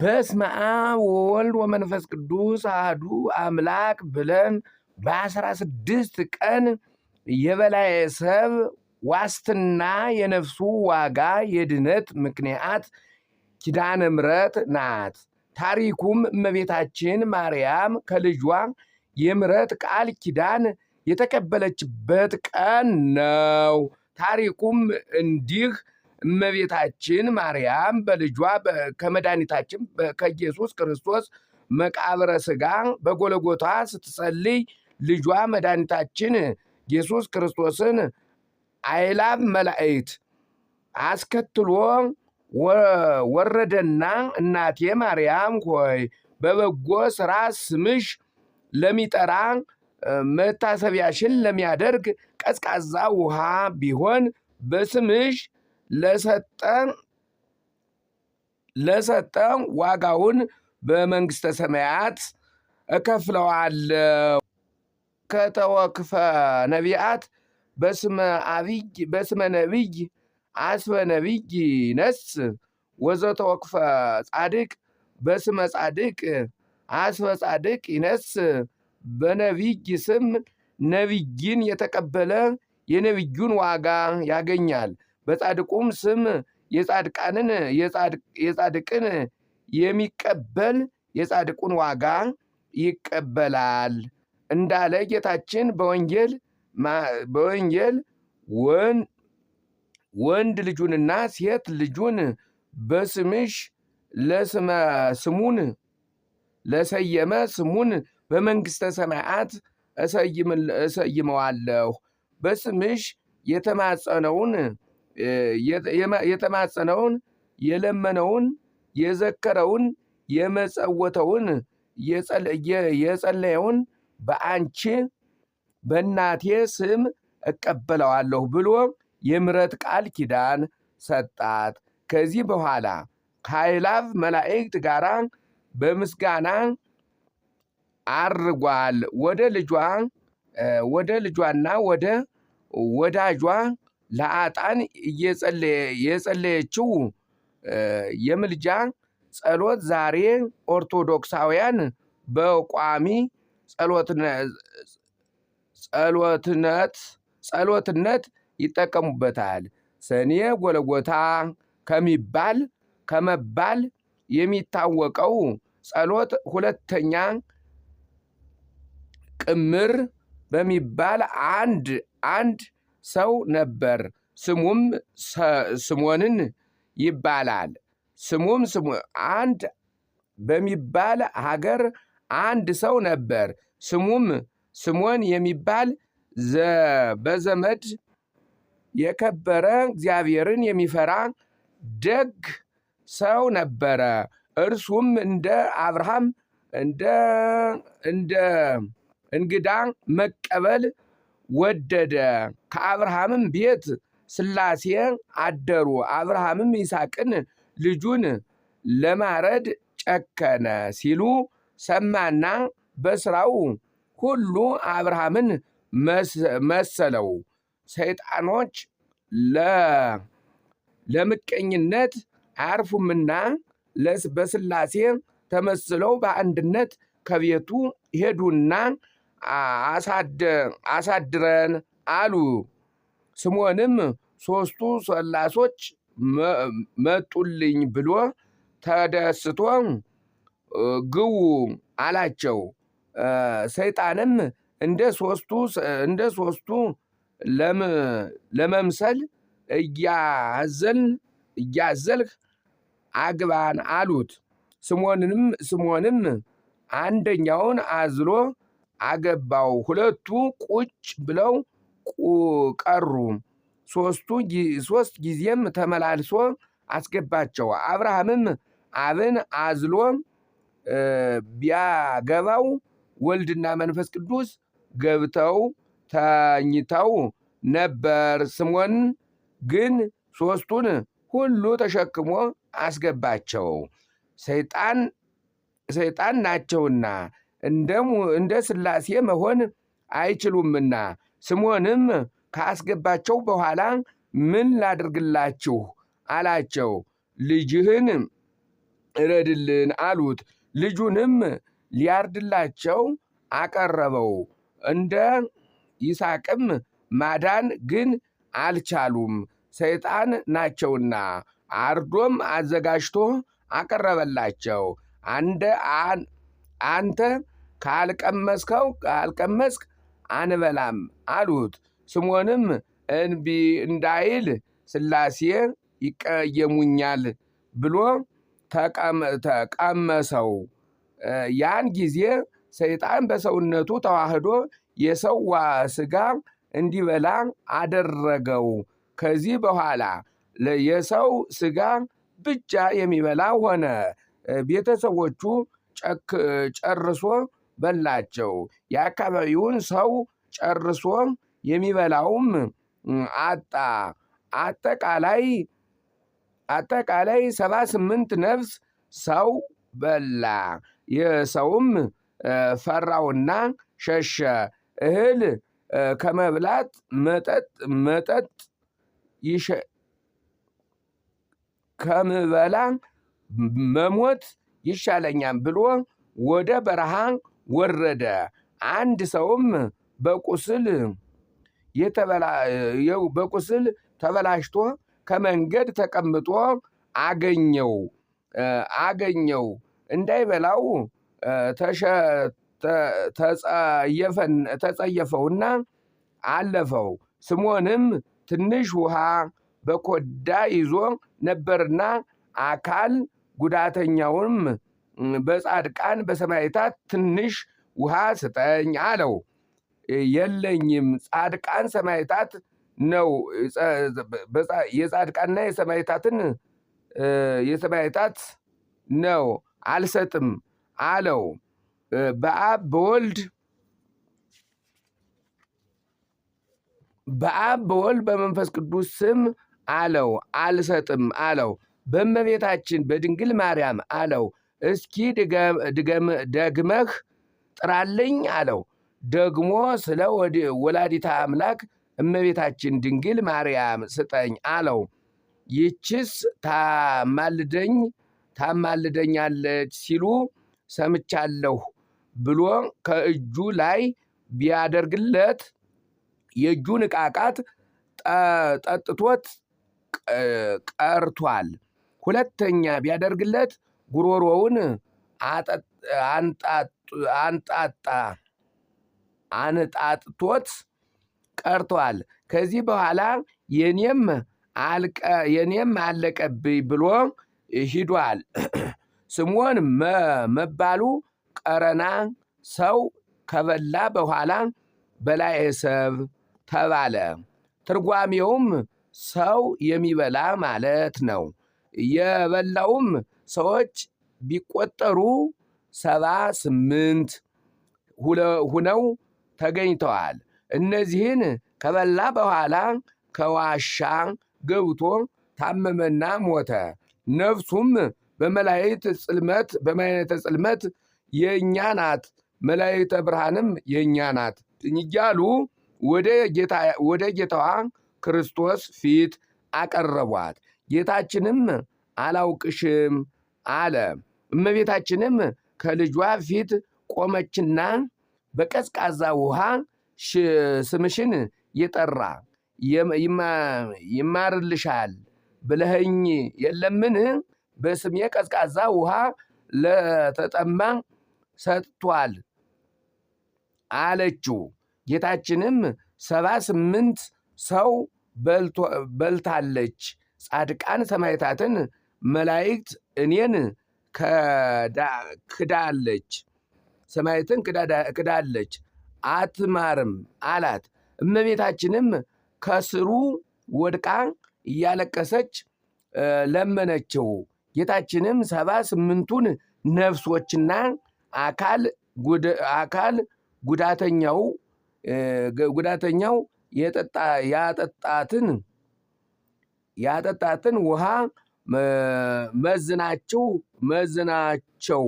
በስመ አብ ወወልድ ወመንፈስ ቅዱስ አህዱ አምላክ ብለን በአስራ ስድስት ቀን የበላየ ሰብ ዋስትና የነፍሱ ዋጋ የድነት ምክንያት ኪዳነ ምሕረት ናት። ታሪኩም እመቤታችን ማርያም ከልጇ የምሕረት ቃል ኪዳን የተቀበለችበት ቀን ነው። ታሪኩም እንዲህ እመቤታችን ማርያም በልጇ ከመድኃኒታችን ከኢየሱስ ክርስቶስ መቃብረ ሥጋ በጎለጎታ ስትጸልይ ልጇ መድኃኒታችን ኢየሱስ ክርስቶስን አይላብ መላእክት አስከትሎ ወረደና እናቴ ማርያም ሆይ በበጎ ሥራ ስምሽ ለሚጠራ መታሰቢያሽን ለሚያደርግ ቀዝቃዛ ውሃ ቢሆን በስምሽ ለሰጠን ለሰጠን ዋጋውን በመንግስተ ሰማያት እከፍለዋለሁ። ከተወክፈ ነቢያት በስመ አብይ በስመ ነቢይ አስበ ነቢይ ነስ ወዘተወክፈ ጻድቅ በስመ ጻድቅ አስበ ጻድቅ ይነስ በነቢይ ስም ነቢይን የተቀበለ የነቢዩን ዋጋ ያገኛል። በጻድቁም ስም የጻድቃንን የጻድቅን የሚቀበል የጻድቁን ዋጋ ይቀበላል እንዳለ ጌታችን በወንጌል በወንጌል ወንድ ልጁንና ሴት ልጁን በስምሽ ለስመ ስሙን ለሰየመ ስሙን በመንግሥተ ሰማያት እሰይመዋለሁ በስምሽ የተማጸነውን የተማጸነውን፣ የለመነውን፣ የዘከረውን፣ የመጸወተውን፣ የጸለየውን በአንቺ በእናቴ ስም እቀበለዋለሁ ብሎ የምረት ቃል ኪዳን ሰጣት። ከዚህ በኋላ ከአእላፍ መላእክት ጋር በምስጋና አርጓል። ወደ ልጇ ወደ ልጇና ወደ ወዳጇ ለአጣን የጸለየችው የምልጃ ጸሎት ዛሬ ኦርቶዶክሳውያን በቋሚ ጸሎትነት ይጠቀሙበታል። ሰኔ ጎለጎታ ከሚባል ከመባል የሚታወቀው ጸሎት ሁለተኛ ቅምር በሚባል አንድ አንድ ሰው ነበር፣ ስሙም ስሞንን ይባላል። ስሙም አንድ በሚባል ሀገር አንድ ሰው ነበር፣ ስሙም ስሞን የሚባል በዘመድ የከበረ እግዚአብሔርን የሚፈራ ደግ ሰው ነበረ። እርሱም እንደ አብርሃም እንደ እንግዳ መቀበል ወደደ። ከአብርሃምም ቤት ስላሴ አደሩ። አብርሃምም ይስሐቅን ልጁን ለማረድ ጨከነ ሲሉ ሰማና በስራው ሁሉ አብርሃምን መሰለው። ሰይጣኖች ለምቀኝነት አያርፉምና በስላሴ ተመስለው በአንድነት ከቤቱ ሄዱና አሳድረን አሉ። ስምዖንም ሦስቱ ሰላሶች መጡልኝ ብሎ ተደስቶ ግቡ አላቸው። ሰይጣንም እንደ ሦስቱ እንደ ሦስቱ ለመምሰል እያዘል እያዘልህ አግባን አሉት። ስምዖንም አንደኛውን አዝሎ አገባው። ሁለቱ ቁጭ ብለው ቀሩ። ሶስት ጊዜም ተመላልሶ አስገባቸው። አብርሃምም አብን አዝሎ ቢያገባው ወልድና መንፈስ ቅዱስ ገብተው ተኝተው ነበር። ስምዖን ግን ሶስቱን ሁሉ ተሸክሞ አስገባቸው። ሰይጣን ሰይጣን ናቸውና እንደ ሥላሴ መሆን አይችሉምና። ስምዖንም ካስገባቸው በኋላ ምን ላድርግላችሁ አላቸው። ልጅህን እረድልን አሉት። ልጁንም ሊያርድላቸው አቀረበው። እንደ ይስሐቅም ማዳን ግን አልቻሉም፣ ሰይጣን ናቸውና። አርዶም አዘጋጅቶ አቀረበላቸው። አንተ ካልቀመስከው ካልቀመስክ አንበላም አሉት። ስምዖንም እንቢ እንዳይል ሥላሴ ይቀየሙኛል ብሎ ተቀመሰው። ያን ጊዜ ሰይጣን በሰውነቱ ተዋህዶ የሰዋ ሥጋ እንዲበላ አደረገው። ከዚህ በኋላ የሰው ሥጋ ብቻ የሚበላ ሆነ። ቤተሰቦቹ ጨርሶ በላቸው። የአካባቢውን ሰው ጨርሶ የሚበላውም አጣ። አጠቃላይ አጠቃላይ ሰባ ስምንት ነፍስ ሰው በላ። የሰውም ፈራውና ሸሸ። እህል ከመብላት መጠጥ መጠጥ ከምበላ መሞት ይሻለኛል ብሎ ወደ በረሃ ወረደ። አንድ ሰውም በቁስል በቁስል ተበላሽቶ ከመንገድ ተቀምጦ አገኘው አገኘው እንዳይበላው ተጸየፈውና አለፈው። ስምዖንም ትንሽ ውሃ በኮዳ ይዞ ነበርና አካል ጉዳተኛውም በጻድቃን በሰማይታት ትንሽ ውሃ ስጠኝ አለው። የለኝም ጻድቃን ሰማይታት ነው የጻድቃንና የሰማይታትን የሰማይታት ነው አልሰጥም አለው። በአብ በወልድ በአብ በወልድ በመንፈስ ቅዱስ ስም አለው። አልሰጥም አለው። በእመቤታችን በድንግል ማርያም አለው። እስኪ ደግመህ ጥራልኝ አለው። ደግሞ ስለ ወላዲታ አምላክ እመቤታችን ድንግል ማርያም ስጠኝ አለው። ይችስ ታማልደኝ ታማልደኛለች ሲሉ ሰምቻለሁ ብሎ ከእጁ ላይ ቢያደርግለት የእጁ ንቃቃት ጠጥቶት ቀርቷል። ሁለተኛ ቢያደርግለት ጉሮሮውን አንጣጣ አንጣጥቶት ቀርቷል። ከዚህ በኋላ የኔም የኔም አለቀብኝ ብሎ ሂዷል። ስምዖን መባሉ ቀረና ሰው ከበላ በኋላ በላይ ሰብ ተባለ። ትርጓሜውም ሰው የሚበላ ማለት ነው። የበላውም ሰዎች ቢቆጠሩ ሰባ ስምንት ሁነው ተገኝተዋል። እነዚህን ከበላ በኋላ ከዋሻ ገብቶ ታመመና ሞተ። ነፍሱም በመላእክት ጽልመት ጽልመት የእኛ ናት፣ መላእክተ ብርሃንም የእኛ ናት እያሉ ወደ ጌታዋ ክርስቶስ ፊት አቀረቧት። ጌታችንም አላውቅሽም አለ። እመቤታችንም ከልጇ ፊት ቆመችና በቀዝቃዛ ውሃ ስምሽን የጠራ ይማርልሻል ብለኸኝ የለምን? በስሜ ቀዝቃዛ ውሃ ለተጠማ ሰጥቷል አለችው። ጌታችንም ሰባ ስምንት ሰው በልታለች፣ ጻድቃን ሰማዕታትን መላእክት እኔን ክዳለች፣ ሰማያትን ክዳለች አትማርም አላት። እመቤታችንም ከስሩ ወድቃ እያለቀሰች ለመነችው። ጌታችንም ሰባ ስምንቱን ነፍሶችና አካል ጉዳተኛው ጉዳተኛው ያጠጣትን ያጠጣትን ውሃ መዝናችሁ መዝናቸው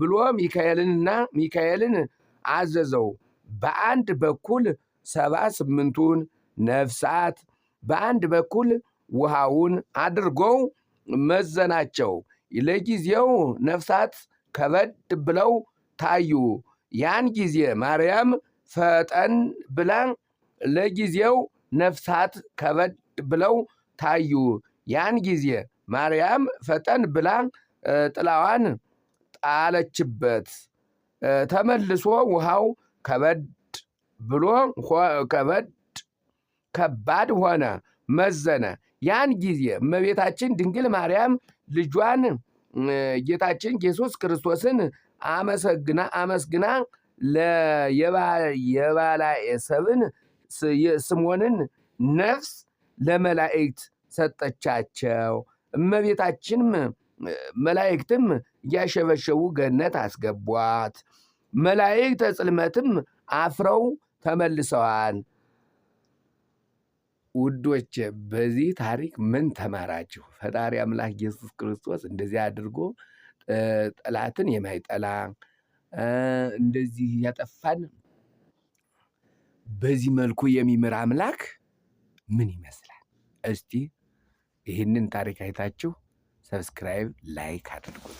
ብሎ ሚካኤልንና ሚካኤልን አዘዘው። በአንድ በኩል ሰባ ስምንቱን ነፍሳት በአንድ በኩል ውሃውን አድርገው መዘናቸው። ለጊዜው ነፍሳት ከበድ ብለው ታዩ። ያን ጊዜ ማርያም ፈጠን ብላ ለጊዜው ነፍሳት ከበድ ብለው ታዩ። ያን ጊዜ ማርያም ፈጠን ብላ ጥላዋን ጣለችበት። ተመልሶ ውሃው ከበድ ብሎ ከበድ ከባድ ሆነ፣ መዘነ። ያን ጊዜ እመቤታችን ድንግል ማርያም ልጇን ጌታችን ኢየሱስ ክርስቶስን አመሰግና አመስግና ሰብን ስምዖንን ነፍስ ለመላእክት ሰጠቻቸው። እመቤታችንም መላእክትም እያሸበሸቡ ገነት አስገቧት። መላእክተ ጽልመትም አፍረው ተመልሰዋል። ውዶች በዚህ ታሪክ ምን ተማራችሁ? ፈጣሪ አምላክ ኢየሱስ ክርስቶስ እንደዚህ አድርጎ ጠላትን የማይጠላ እንደዚህ ያጠፋን በዚህ መልኩ የሚምር አምላክ ምን ይመስላል? እስቲ ይህንን ታሪክ አይታችሁ ሰብስክራይብ፣ ላይክ አድርጉት።